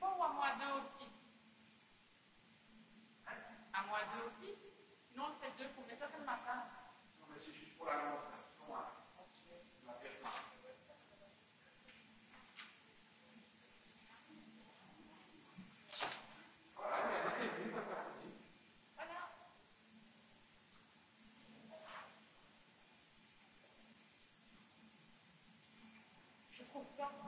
Pourquoi Moisin aussi À Moisin aussi Non, c'est deux pour mais ça c'est le matin. Non, mais c'est juste pour la démonstration. Hein. Thank you.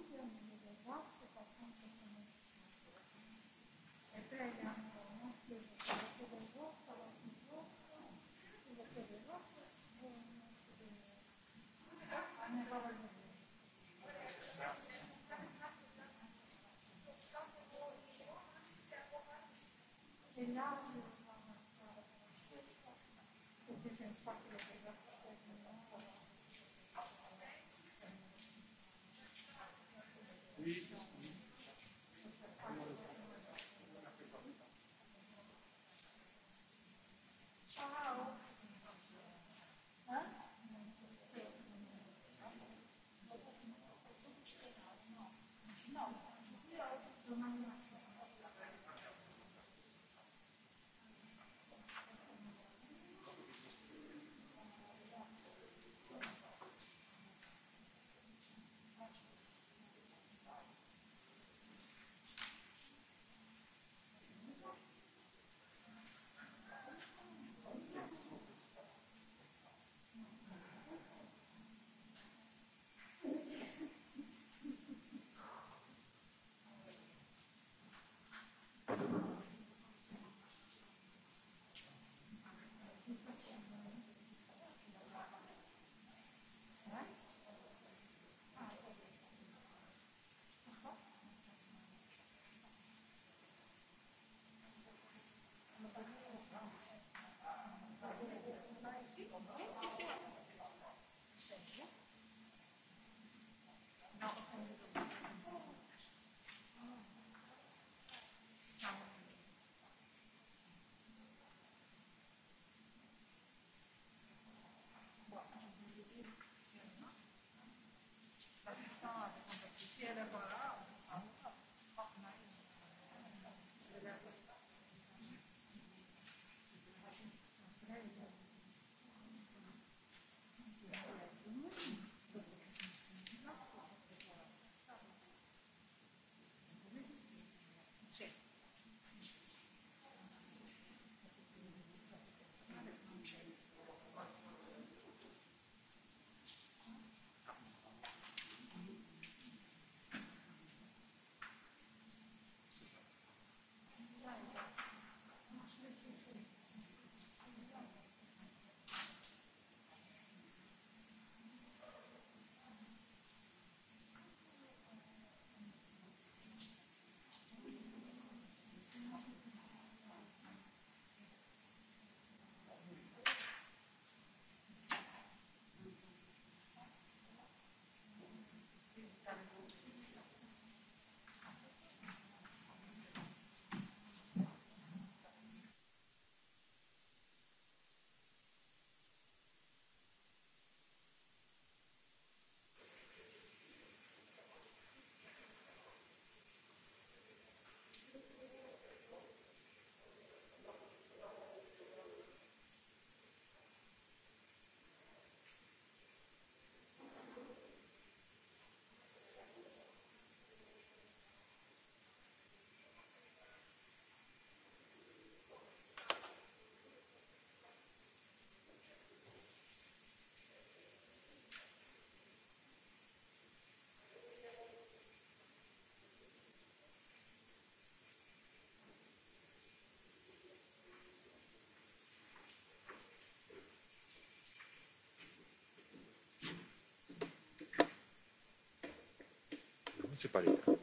municipalidad.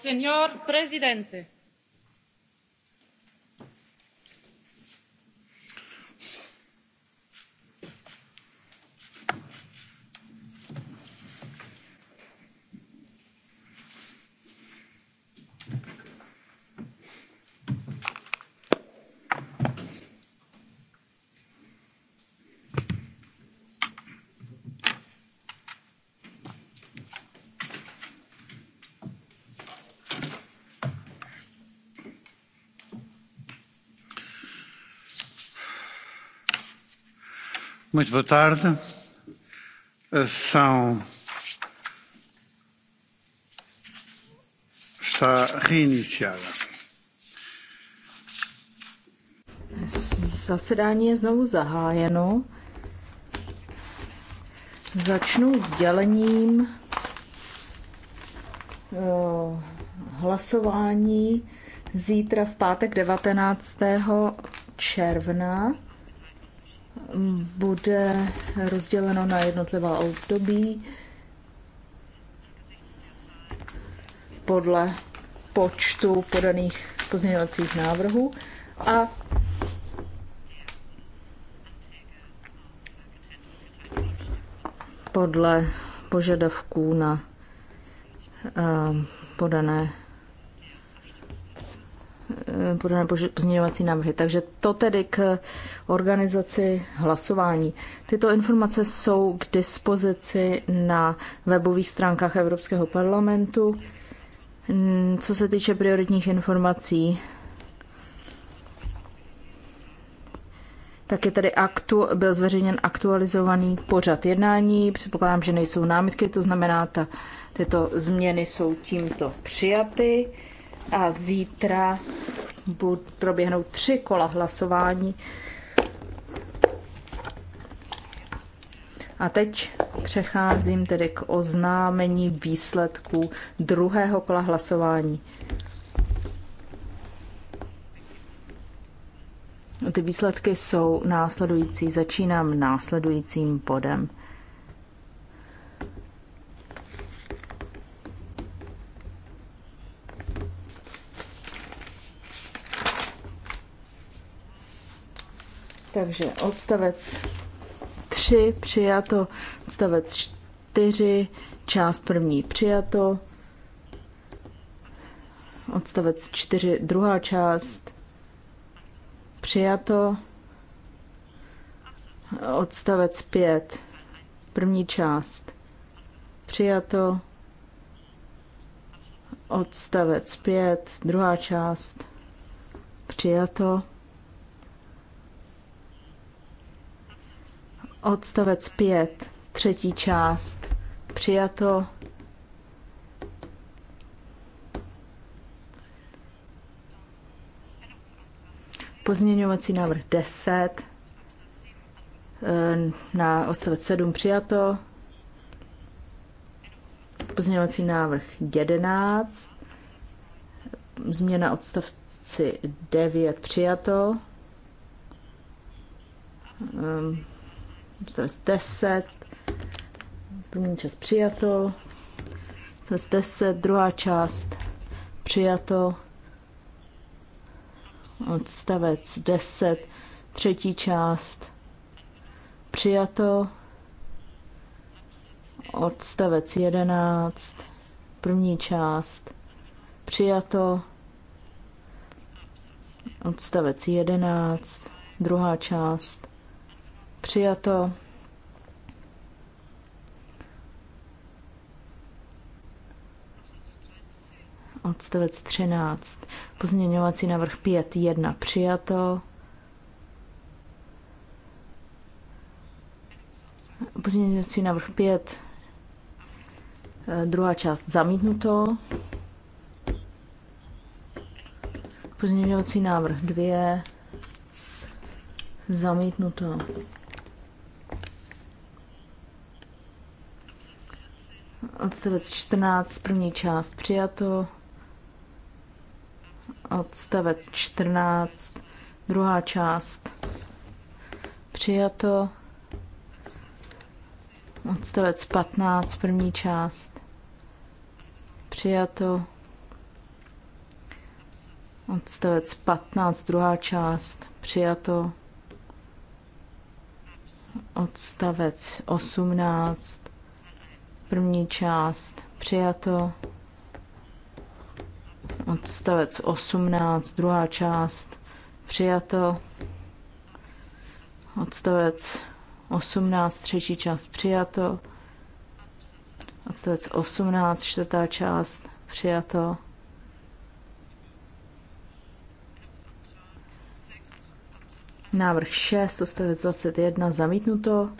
signor presidente Muito boa tarde. São. Está reiniciada. Zasedání je znovu zahájeno. Začnu sdělením eh, hlasování zítra v pátek 19. června bude rozděleno na jednotlivá období podle počtu podaných pozměňovacích návrhů a podle požadavků na eh, podané Eh, podané pozměňovací návrhy. Takže to tedy k organizaci hlasování. Tyto informace jsou k dispozici na webových stránkách Evropského parlamentu. Mm, co se týče prioritních informací, tak je tady aktu, byl zveřejněn aktualizovaný pořad jednání. Předpokládám, že nejsou námitky, to znamená, ta, tyto změny jsou tímto přijaty a zítra budou proběhnout tři kola hlasování. A teď přecházím tedy k oznámení výsledků druhého kola hlasování. Ty výsledky jsou následující. Začínám následujícím bodem. Takže odstavec 3 přijato, odstavec 4, část první přijato, odstavec 4, druhá část přijato, odstavec 5, první část přijato, odstavec 5, druhá část přijato. Odstavec 5, třetí část. Přijato. Pozměňovací návrh 10. E, na odstavec 7 přijato. Pozměňovací návrh 11. Změna odstavci 9 přijato e, Odstavec 10. První část přijato. Odstavec 10. Druhá část přijato. Odstavec 10. Třetí část přijato. Odstavec 11. První část přijato. Odstavec 11. Druhá část Přijato. Odstavec 13. Pozměňovací návrh 5. 1. Přijato. Pozměňovací návrh 5. Druhá část zamítnuto. Pozměňovací návrh 2. Zamítnuto. Odstavec 14, první část přijato. Odstavec 14, druhá část přijato. Odstavec 15, první část přijato. Odstavec 15, druhá část přijato odstavec 18, První část přijato. Odstavec 18, druhá část přijato. Odstavec 18, třetí část přijato. Odstavec 18, čtvrtá část přijato. Návrh 6, odstavec 21, zamítnuto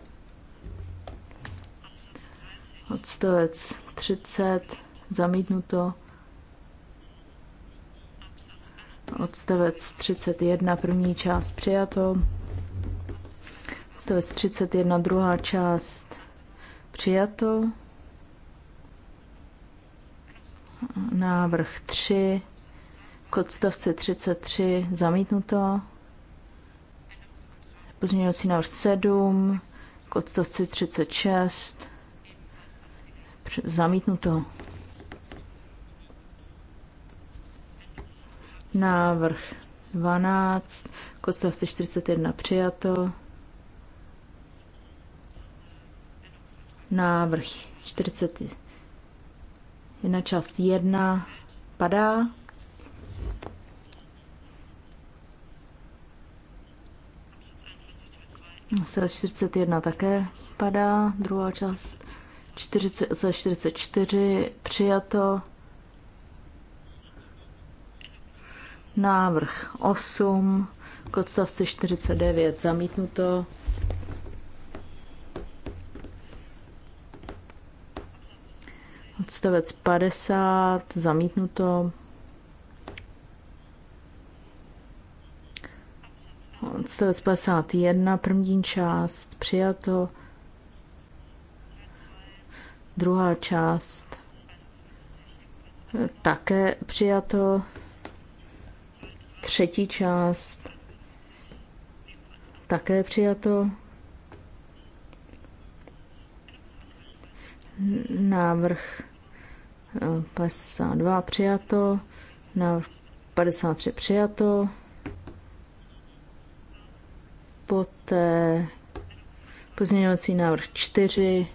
odstavec 30, zamítnuto, odstavec 31, první část přijato, odstavec 31, druhá část přijato, návrh 3, k odstavci 33 zamítnuto, pozměňovací návrh 7, k odstavci 36 Zamítnuto. Návrh 12, k odstavci 41 přijato. Návrh 41 část 1 padá. Se 41 také padá, druhá část 40, za 44 přijato. Návrh 8 k odstavci 49 zamítnuto. Odstavec 50 zamítnuto. Odstavec 51 první část přijato Druhá část také přijato. Třetí část také přijato. Návrh 52 eh, přijato, návrh 53 přijato, poté pozměňovací návrh 4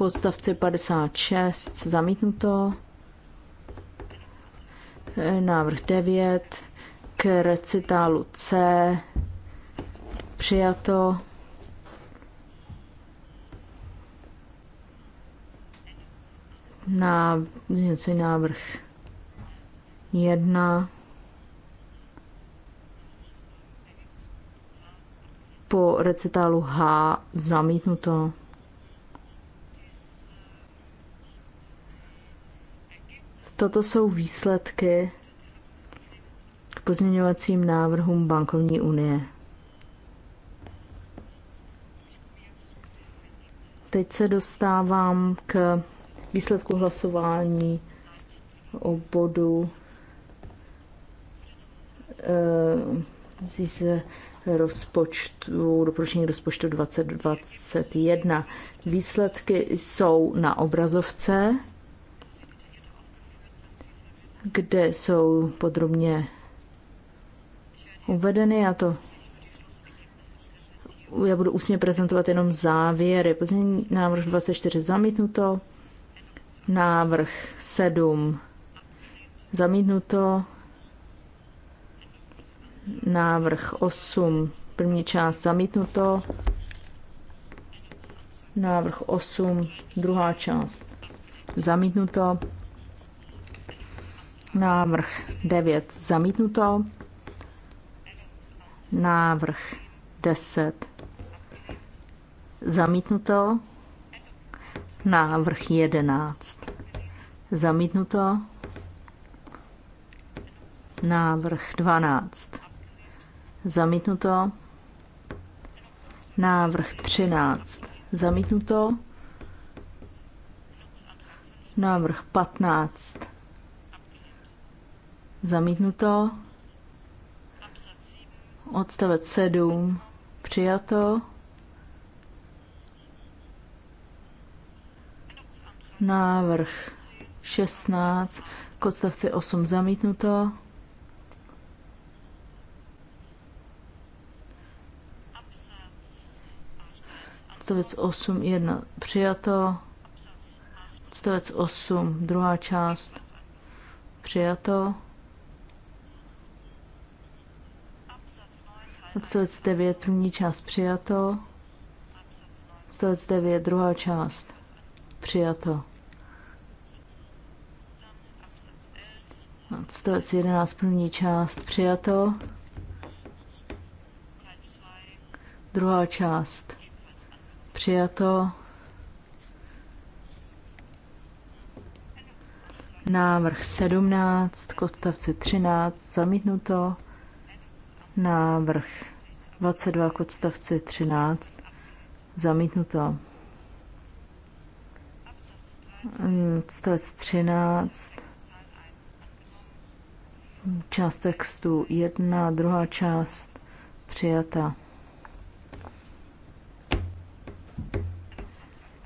v odstavci 56 zamítnuto. Návrh 9 k recitálu C přijato. Na něco návrh 1 po recitálu H zamítnuto. Toto jsou výsledky k pozměňovacím návrhům bankovní unie. Teď se dostávám k výsledku hlasování o bodu eh, z rozpočtu, doporučení rozpočtu 2021. Výsledky jsou na obrazovce kde jsou podrobně uvedeny a to já budu ústně prezentovat jenom závěry. Pozdění návrh 24 zamítnuto, návrh 7 zamítnuto, návrh 8 první část zamítnuto, návrh 8 druhá část zamítnuto, Návrh 9 zamítnuto. Návrh 10 zamítnuto. Návrh 11 zamítnuto. Návrh 12 zamítnuto. Návrh 13 zamítnuto. Návrh 15 Zamítnuto. Odstavec 7. Přijato. Návrh 16. K odstavci 8 zamítnuto. Odstavec 8, 1 přijato. Odstavec 8, druhá část přijato. Odstavec 9, první část přijato. Odstavec 9, druhá část přijato. Odstavec 11, první část přijato. Druhá část přijato. Návrh 17 k odstavci 13 zamítnuto. Návrh 22 k odstavci 13. Zamítnuto. Odstavec 13. Část textu 1, druhá část přijata.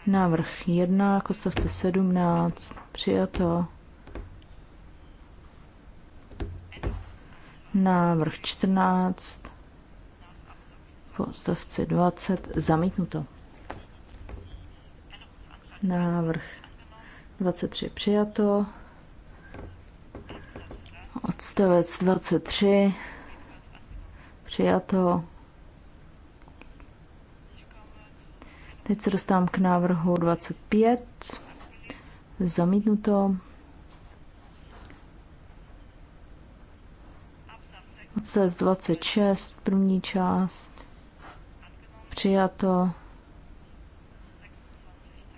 Návrh 1 k odstavci 17. Přijato. Návrh 14, podstavce 20, zamítnuto. Návrh 23 přijato. Odstavec 23 přijato. Teď se dostávám k návrhu 25. Zamítnuto. Odstavec 26, první část. Přijato.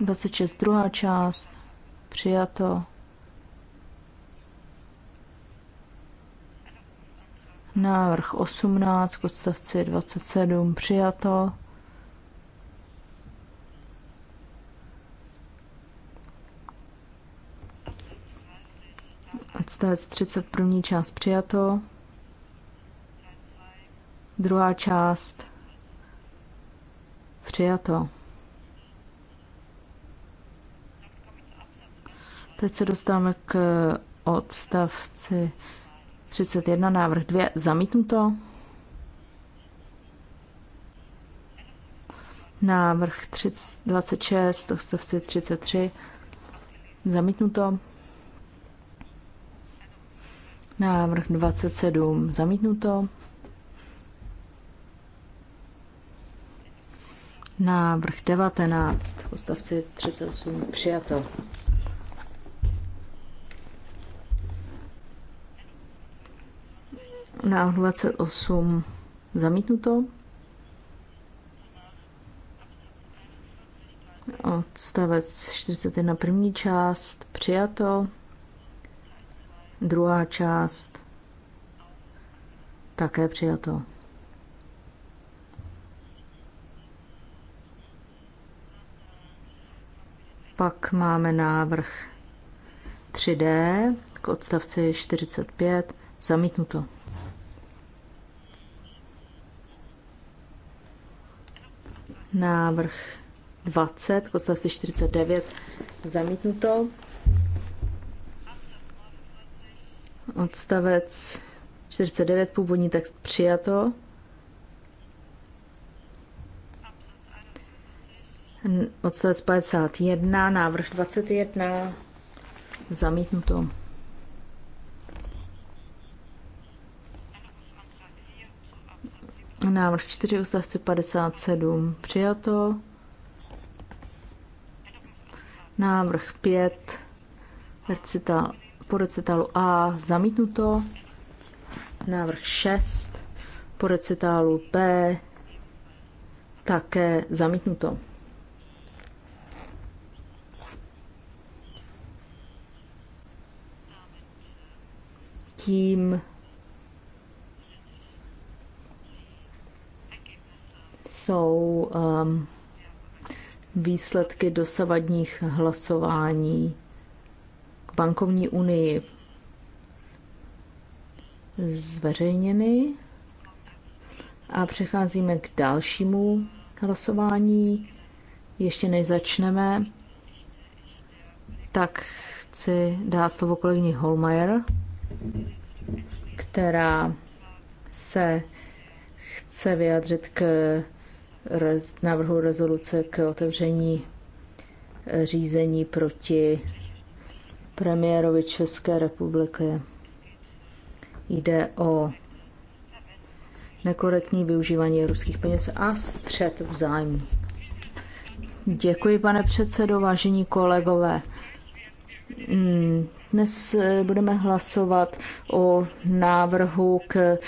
26, druhá část. Přijato. Návrh 18 odstavci 27 přijato. Odstavec 30 první část přijato. Druhá část. Přijato. Teď se dostáváme k odstavci 31, návrh 2. Zamítnuto. Návrh 26, odstavci 33. Zamítnuto. Návrh 27. Zamítnuto. Návrh 19 odstavci 38 přijato. Návrh 28 zamítnuto. Odstavec 41 první část přijato. Druhá část také přijato. Pak máme návrh 3D k odstavci 45, zamítnuto. Návrh 20 k odstavci 49, zamítnuto. Odstavec 49, původní text přijato. Odstavec 51, návrh 21, zamítnuto. Návrh 4, ústavce 57, přijato. Návrh 5, recital, po recitálu A, zamítnuto. Návrh 6, po recitálu B, také zamítnuto. tím jsou um, výsledky dosavadních hlasování k bankovní unii zveřejněny. A přecházíme k dalšímu hlasování. Ještě než začneme, tak chci dát slovo kolegyni Holmeier která se chce vyjádřit k návrhu rezoluce k otevření eh, řízení proti premiérovi České republiky. Jde o nekorektní využívání ruských peněz a střet v zájmu. Děkuji, pane předsedo, vážení kolegové. Hmm, dnes eh, budeme hlasovat o návrhu k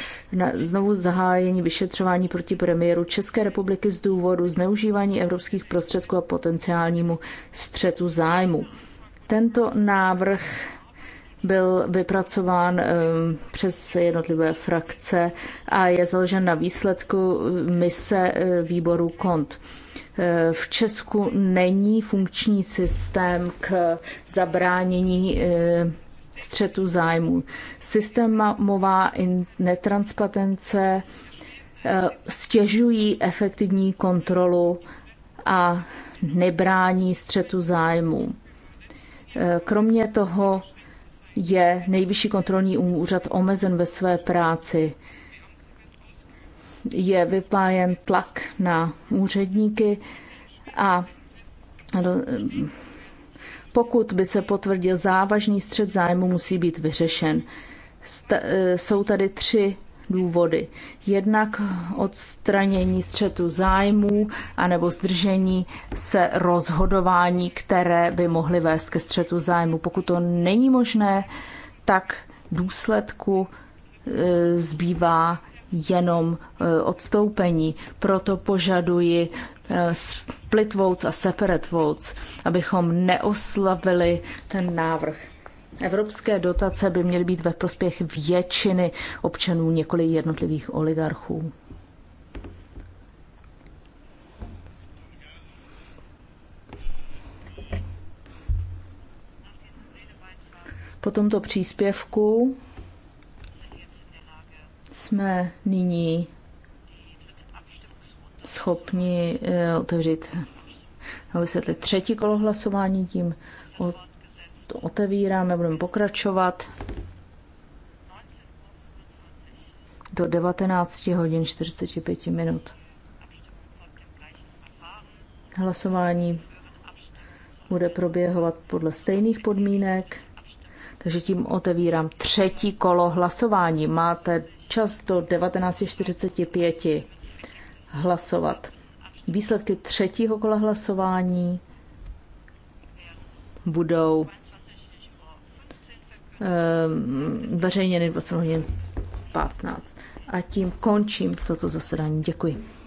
znovu zahájení vyšetřování proti premiéru České republiky z důvodu zneužívání evropských prostředků a potenciálnímu střetu zájmu. Tento návrh byl vypracován eh, přes jednotlivé frakce a je založen na výsledku mise eh, výboru KONT. Eh, v Česku není funkční systém k zabránění eh, střetu zájmů. Systémová netransparence eh, stěžují efektivní kontrolu a nebrání střetu zájmů. Kromě toho je nejvyšší kontrolní úřad omezen ve své práci je vypájen tlak na úředníky a pokud by se potvrdil závažný střed zájmu, musí být vyřešen. Eh, jsou tady tři důvody. Jednak odstranění střetu zájmů anebo zdržení se rozhodování, které by mohly vést ke střetu zájmu. Pokud to není možné, tak důsledku eh, zbývá jenom e, odstoupení. Proto požaduji e, split votes a separate votes, abychom neoslavili ten návrh. Evropské dotace by měly být ve prospěch většiny občanů, několik jednotlivých oligarchů. Po tomto příspěvku jsme nyní schopni eh, otevřít a vysvětlit třetí kolo hlasování, tím otevíráme, budeme pokračovat do 19 hodin 45 minut. Hlasování bude proběhovat podle stejných podmínek, takže tím otevírám třetí kolo hlasování. Máte čas do 19.45 hlasovat. Výsledky třetího kola hlasování budou veřejněny 20 hodin 15. A tím končím toto zasedání. Děkuji.